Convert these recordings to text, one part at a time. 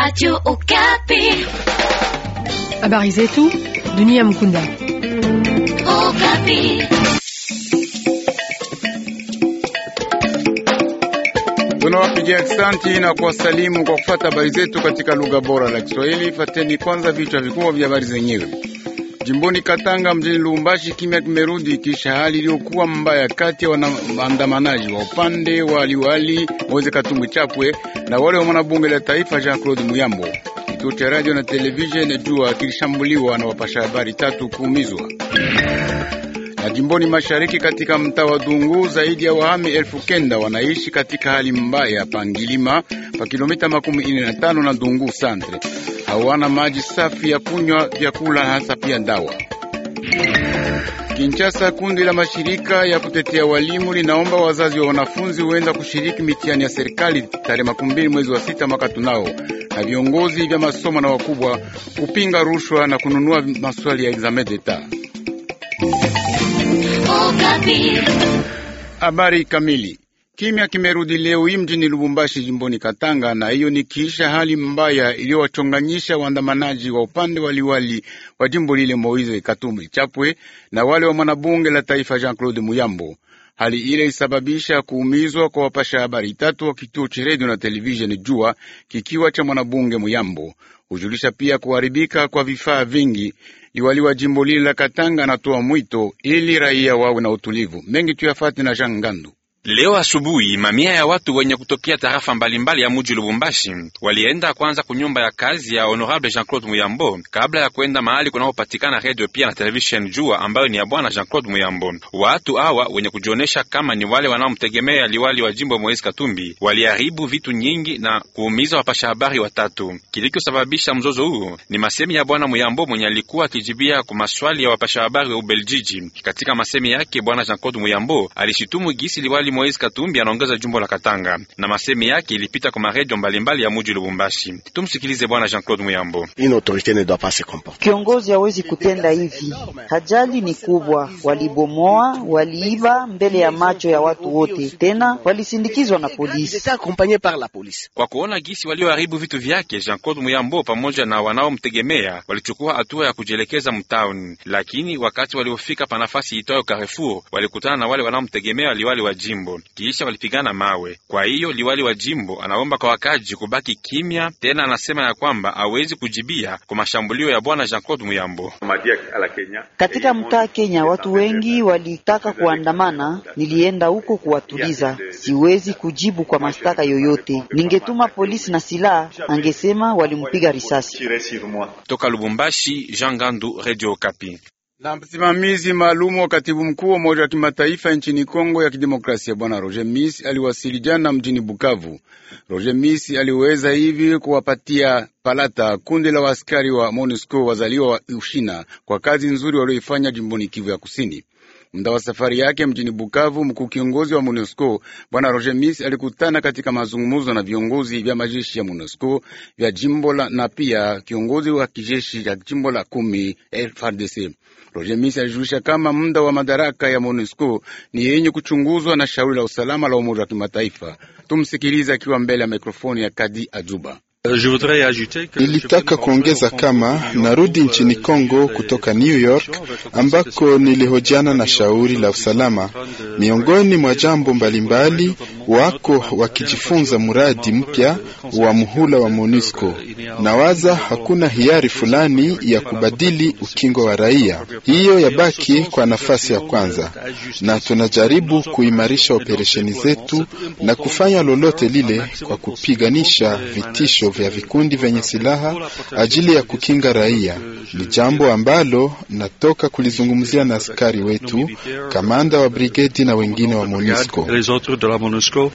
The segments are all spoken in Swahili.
Radio Okapi. Habari zetu dunia mkunda. Okapi. Tunawapigia aksanti na kuwasalimu kwa kufuata habari zetu katika lugha bora la Kiswahili. Fateni kwanza vichwa vikubwa vya habari zenyewe. Jimboni Katanga mjini Lubumbashi, kimya kimerudi kisha hali iliyokuwa mbaya kati ya waandamanaji wa upande wa liwali Moise Katumbi Chapwe na wale wa mwanabunge la taifa Jean-Claude Muyambo. Kituo cha radio na televisheni jua kilishambuliwa na wapasha habari tatu kuumizwa. Na jimboni mashariki katika mtaa wa Dungu, zaidi ya wahami elfu kenda wanaishi katika hali mbaya pangilima pa kilomita makumi ine na tano na Dungu santre, hawana maji safi ya kunywa, vyakula hasa pia dawa. Kinshasa, kundi la mashirika ya kutetea walimu linaomba wazazi wa wanafunzi huenda kushiriki mitihani ya serikali tarehe makumi mbili mwezi wa sita mwaka tunao, na viongozi vya masomo na wakubwa kupinga rushwa na kununua maswali ya examen d'etat. Oh, Habari kamili Kimya kimerudi leo hii mjini Lubumbashi, jimboni Katanga, na hiyo ni kiisha hali mbaya iliyowachonganyisha waandamanaji wa upande wa liwali wa jimbo lile Moise Katumbi Chapwe na wale wa mwanabunge la taifa Jean Claude Muyambo. Hali ile isababisha kuumizwa kwa wapasha habari tatu wa kituo cha redio na televisheni Jua, kikiwa cha mwanabunge Muyambo. Hujulisha pia kuharibika kwa vifaa vingi. Liwali wa jimbo lile la Katanga anatoa mwito ili raia wawe na utulivu. Mengi tuyafate na Jean Ngandu. Leo asubuhi mamia ya watu wenye kutokea tarafa mbalimbali ya muji Lubumbashi walienda kwanza kunyumba ya kazi ya Honorable Jean-Claude Muyambo kabla ya kwenda mahali kunakopatikana radio pia na television Jua ambayo ni ya bwana Jean-Claude Muyambo. Watu hawa wenye kujionesha kama ni wale wanaomtegemea liwali wa jimbo Moise Katumbi waliharibu vitu nyingi na kuumiza wapasha habari watatu. Kilichosababisha mzozo huu ni masemi ya bwana Muyambo mwenye alikuwa akijibia kwa maswali ya wapasha habari wa Ubeljiji. Katika masemi yake, bwana Jean-Claude Muyambo alishitumu gisi liwali Kanali Moise Katumbi anaongeza jumbo la Katanga na masemi yake ilipita kwa maredio mbalimbali ya muji Lubumbashi. Tumsikilize Bwana Jean-Claude Muyambo. Kiongozi hawezi kutenda hivi, hajali ni kubwa. Walibomoa, waliiba mbele ya macho ya watu wote, tena walisindikizwa na polisi. Kwa kuona gisi walioharibu vitu vyake, Jean-Claude Muyambo pamoja na wanaomtegemea walichukua hatua ya kujielekeza mtauni, lakini wakati waliofika panafasi itwayo Carrefour walikutana na wale wanaomtegemea waliwali wa jimbo jimbo, kisha walipigana mawe. Kwa hiyo liwali wa jimbo anaomba kwa wakaji kubaki kimya, tena anasema ya kwamba awezi kujibia kwa mashambulio ya bwana Jean Claude Muyambo. Katika mtaa Kenya watu wengi walitaka kuandamana, nilienda huko kuwatuliza. Siwezi kujibu kwa mashtaka yoyote, ningetuma polisi na silaha, angesema walimpiga risasi. Toka Lubumbashi, Jean Gandu, Radio Kapi na msimamizi maalum wa katibu mkuu wa Umoja wa Kimataifa nchini Kongo ya Kidemokrasia, Bwana Roger Miss aliwasili jana mjini Bukavu. Roger Miss aliweza hivi kuwapatia palata kundi la waaskari wa MONUSCO wazaliwa wa Ushina kwa kazi nzuri walioifanya jimboni Kivu ya Kusini. Muda wa safari yake mjini Bukavu, mkuu kiongozi wa MONUSCO bwana Roger Miss alikutana katika mazungumzo na viongozi vya majeshi ya MONUSCO vya jimbo la na pia kiongozi wa kijeshi ya jimbo la kumi FARDC. Roger Miss alijulisha kama muda wa madaraka ya MONUSCO ni yenye kuchunguzwa na shauri la usalama la Umoja wa Kimataifa. Tumsikilize akiwa mbele ya mikrofoni ya Kadi Ajuba. Nilitaka euh, kuongeza kama narudi euh, nchini Kongo kutoka New York ambako nilihojiana na shauri la usalama. Miongoni mwa jambo mbalimbali, wako wakijifunza mradi mpya wa muhula wa MONUSCO. Nawaza hakuna hiari fulani ya kubadili ukingo wa raia, hiyo yabaki kwa nafasi ya kwanza, na tunajaribu kuimarisha operesheni zetu na kufanya lolote lile kwa kupiganisha vitisho vya vikundi vyenye silaha ajili ya kukinga raia. Ni jambo ambalo natoka kulizungumzia na askari wetu, kamanda wa brigedi na wengine wa MONUSCO.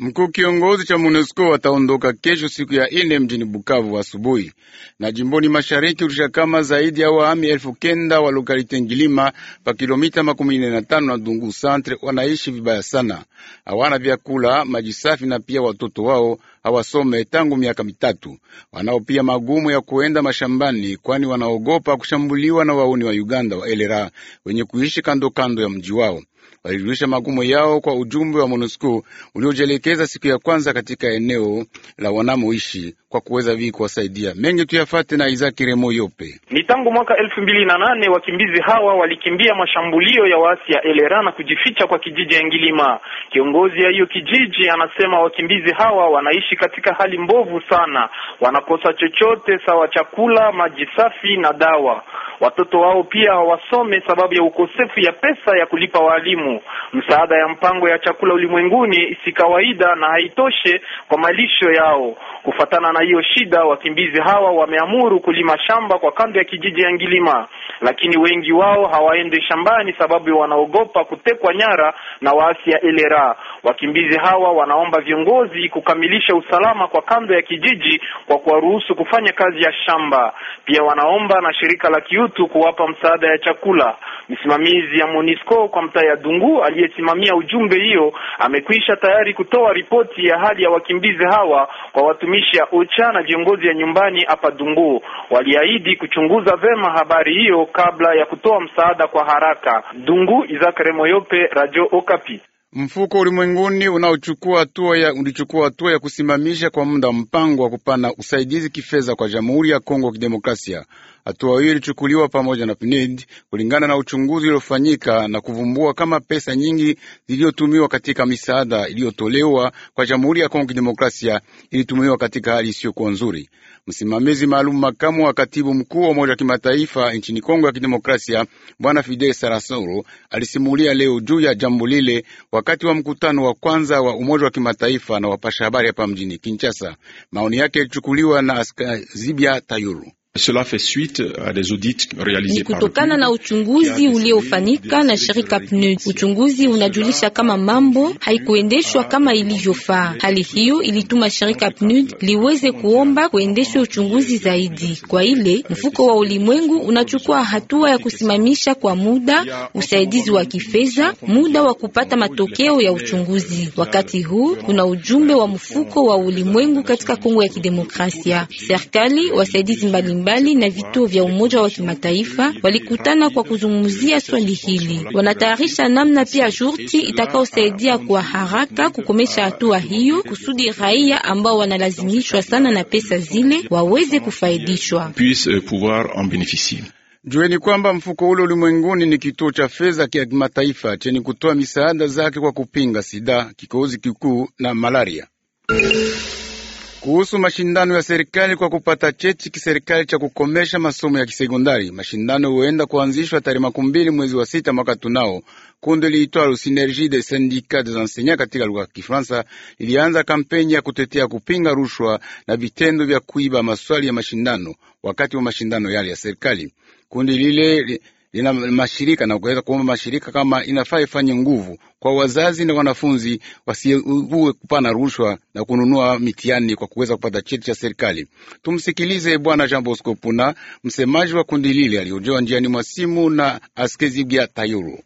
Mkuu kiongozi cha MONUSCO ataondoka kesho siku ya ine mjini Bukavu asubuhi. Na jimboni mashariki kama zaidi ya wahami elfu kenda wa lokalite Ngilima pa kilomita makumi na tano na Dungu Centre wanaishi vibaya sana, hawana vyakula, maji safi na pia watoto wao hawasome tangu miaka mitatu. Wanao pia magumu ya kuenda mashambani, kwani wanaogopa kushambuliwa na wauni wa Uganda wa elera wenye kuishi kando kando ya mji wao walijulisha magumu yao kwa ujumbe wa MONUSCO uliojielekeza siku ya kwanza katika eneo la wanamoishi kwa kuweza vii kuwasaidia. Mengi tuyafate na Isaki Remo Yope. Ni tangu mwaka elfu mbili na nane wakimbizi hawa walikimbia mashambulio ya waasi ya Elera na kujificha kwa kijiji ya Ngilima. Kiongozi ya hiyo kijiji anasema wakimbizi hawa wanaishi katika hali mbovu sana, wanakosa chochote sawa chakula, maji safi na dawa watoto wao pia wasome sababu ya ukosefu ya pesa ya kulipa waalimu. Msaada ya mpango ya chakula ulimwenguni si kawaida na haitoshe kwa malisho yao. Kufatana na hiyo shida, wakimbizi hawa wameamuru kulima shamba kwa kando ya kijiji ya Ngilima, lakini wengi wao hawaende shambani sababu wanaogopa kutekwa nyara na waasi ya LRA. Wakimbizi hawa wanaomba viongozi kukamilisha usalama kwa kando ya kijiji kwa kuwaruhusu kufanya kazi ya shamba. Pia wanaomba na shirika la kiutu Mobutu kuwapa msaada ya chakula. Msimamizi ya MONUSCO kwa mtaa ya Dungu aliyesimamia ujumbe hiyo amekwisha tayari kutoa ripoti ya hali ya wakimbizi hawa kwa watumishi ya OCHA na viongozi ya nyumbani hapa Dungu. Waliahidi kuchunguza vema habari hiyo kabla ya kutoa msaada kwa haraka. Dungu, Izakare Moyope, Radio Okapi. Mfuko ulimwenguni unaochukua hatua ya ulichukua hatua ya kusimamisha kwa muda mpango wa kupana usaidizi kifedha kwa Jamhuri ya Kongo Kidemokrasia. Hatua hiyo ilichukuliwa pamoja na PNID kulingana na uchunguzi uliofanyika na kuvumbua kama pesa nyingi zilizotumiwa katika misaada iliyotolewa kwa Jamhuri ya Kongo Kidemokrasia ilitumiwa katika hali isiyokuwa nzuri. Msimamizi maalum makamu wa katibu mkuu wa Umoja wa Kimataifa nchini Kongo ya Kidemokrasia Bwana Fidel Sarasoro alisimulia leo juu ya jambo lile wakati wa mkutano wa kwanza wa Umoja wa Kimataifa na wapasha habari hapa mjini Kinshasa. Maoni yake yalichukuliwa na Zibia Tayuru. Cela fait suite à des audits réalisés ni kutokana na uchunguzi uliofanyika na shirika PNU. E uchunguzi unajulisha kama mambo haikuendeshwa kama ilivyofaa. Hali hiyo ilituma shirika PNU e liweze kuomba kuendeshwa uchunguzi zaidi. Kwa ile mfuko wa ulimwengu unachukua hatua ya kusimamisha kwa muda usaidizi wa kifedha, muda wa kupata matokeo ya uchunguzi. Wakati huu kuna ujumbe wa mfuko wa ulimwengu katika Kongo ya Kidemokrasia, serikali, wasaidizi mbalimbali mbalimbali na vituo vya Umoja wa Kimataifa walikutana kwa kuzungumzia swali hili. Wanatayarisha namna pia shurti itakaosaidia kwa haraka kukomesha hatua hiyo kusudi raia ambao wanalazimishwa sana na pesa zile waweze kufaidishwa. Euh, Jueni kwamba mfuko ule ulimwenguni ni kituo cha fedha ya kimataifa chenye kutoa misaada zake kwa kupinga sida, kikozi kikuu na malaria kuhusu mashindano ya serikali kwa kupata cheti kiserikali cha kukomesha masomo ya kisekondari. Mashindano huenda kuanzishwa tarehe makumi mbili mwezi wa sita mwaka tunao. Kundi liitwalo Synergie des Syndicats des Enseignants katika lugha ya Kifaransa lilianza kampeni ya kutetea kupinga rushwa na vitendo vya kuiba maswali ya mashindano wakati wa mashindano yale ya serikali. Kundi lile lina mashirika na kuweza kuomba mashirika kama inafaa ifanye nguvu kwa wazazi na wanafunzi wasiuwe kupana rushwa na kununua mitihani kwa kuweza kupata cheti cha serikali. Tumsikilize Bwana Jean Bosco Puna, msemaji wa kundi lile, aliojewa njiani mwa simu na Askezibia Tayuru.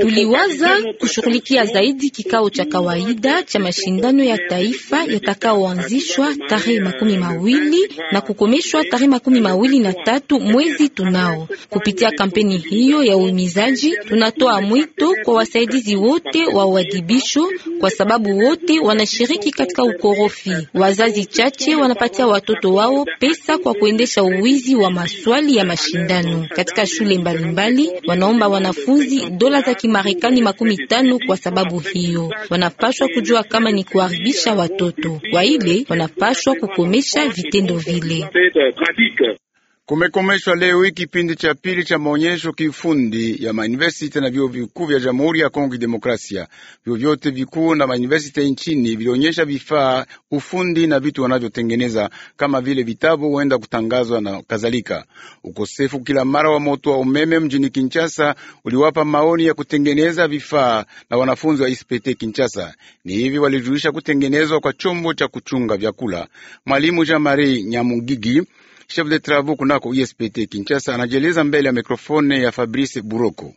Tuliwaza kushughulikia zaidi kikao cha kawaida cha mashindano ya taifa yatakaoanzishwa tarehe makumi mawili na kukomeshwa tarehe makumi mawili na tatu mwezi tunao. Kupitia kampeni hiyo ya uhimizaji, tunatoa mwito kwa wasaidizi wote wa uadhibisho, kwa sababu wote wanashiriki katika ukorofi. Wazazi chache wanapatia watoto wao pesa kwa kuendesha uwizi wa maswali ya mashindano katika shule mbalimbali mbali, Wanaomba wanafunzi dola za Kimarekani makumi tano kwa sababu hiyo. Wanapashwa kujua kama ni kuharibisha watoto waile, wanapashwa kukomesha vitendo vile kumekomeshwa leo hii kipindi cha pili cha maonyesho kiufundi ya mauniversity na vyuo vikuu vya Jamhuri ya Kongo Kidemokrasia. Vyuo vyote vikuu na mauniversity nchini vilionyesha vifaa, ufundi na vitu wanavyotengeneza kama vile vitabu huenda kutangazwa na kadhalika. Ukosefu kila mara wa moto wa umeme mjini Kinshasa uliwapa maoni ya kutengeneza vifaa na wanafunzi wa ISPT Kinshasa. Ni hivi walijulisha kutengenezwa kwa chombo cha kuchunga vyakula. Mwalimu Jean Marie Nyamugigi chef de travaux kunako ispt e Kinshasa, anajieleza mbele ya mikrofone ya Fabrice Buroko.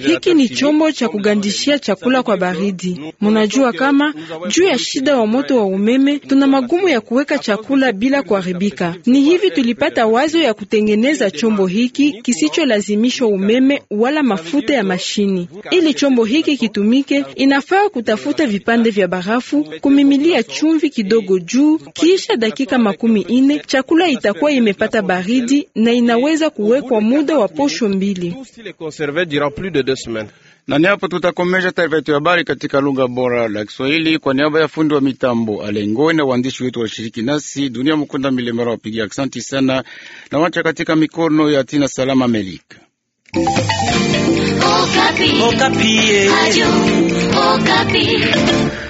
Hiki ni chombo cha kugandishia chakula kwa baridi. Munajua kama juu ya shida wa moto wa umeme tuna magumu ya kuweka chakula bila kuharibika. Ni hivi tulipata wazo ya kutengeneza chombo hiki kisicholazimishwa umeme wala mafuta ya mashini. Ili chombo hiki kitumike, inafaa kutafuta vipande vya barafu, kumimilia chumvi kidogo juu, kisha dakika makumi ine chakula itakuwa imepata baridi na inaweza kuwekwa muda wa posho mbili conserver durant plus de deux semaines. Na ni hapo tutakomesha taarifa yetu ya habari katika lugha bora la Kiswahili kwa niaba ya fundi wa mitambo Alengoi na waandishi wetu walishiriki nasi. Dunia Mukunda wa wapigia aksanti sana na wacha katika mikono ya Tina Salama Melika Okapi. Okapi.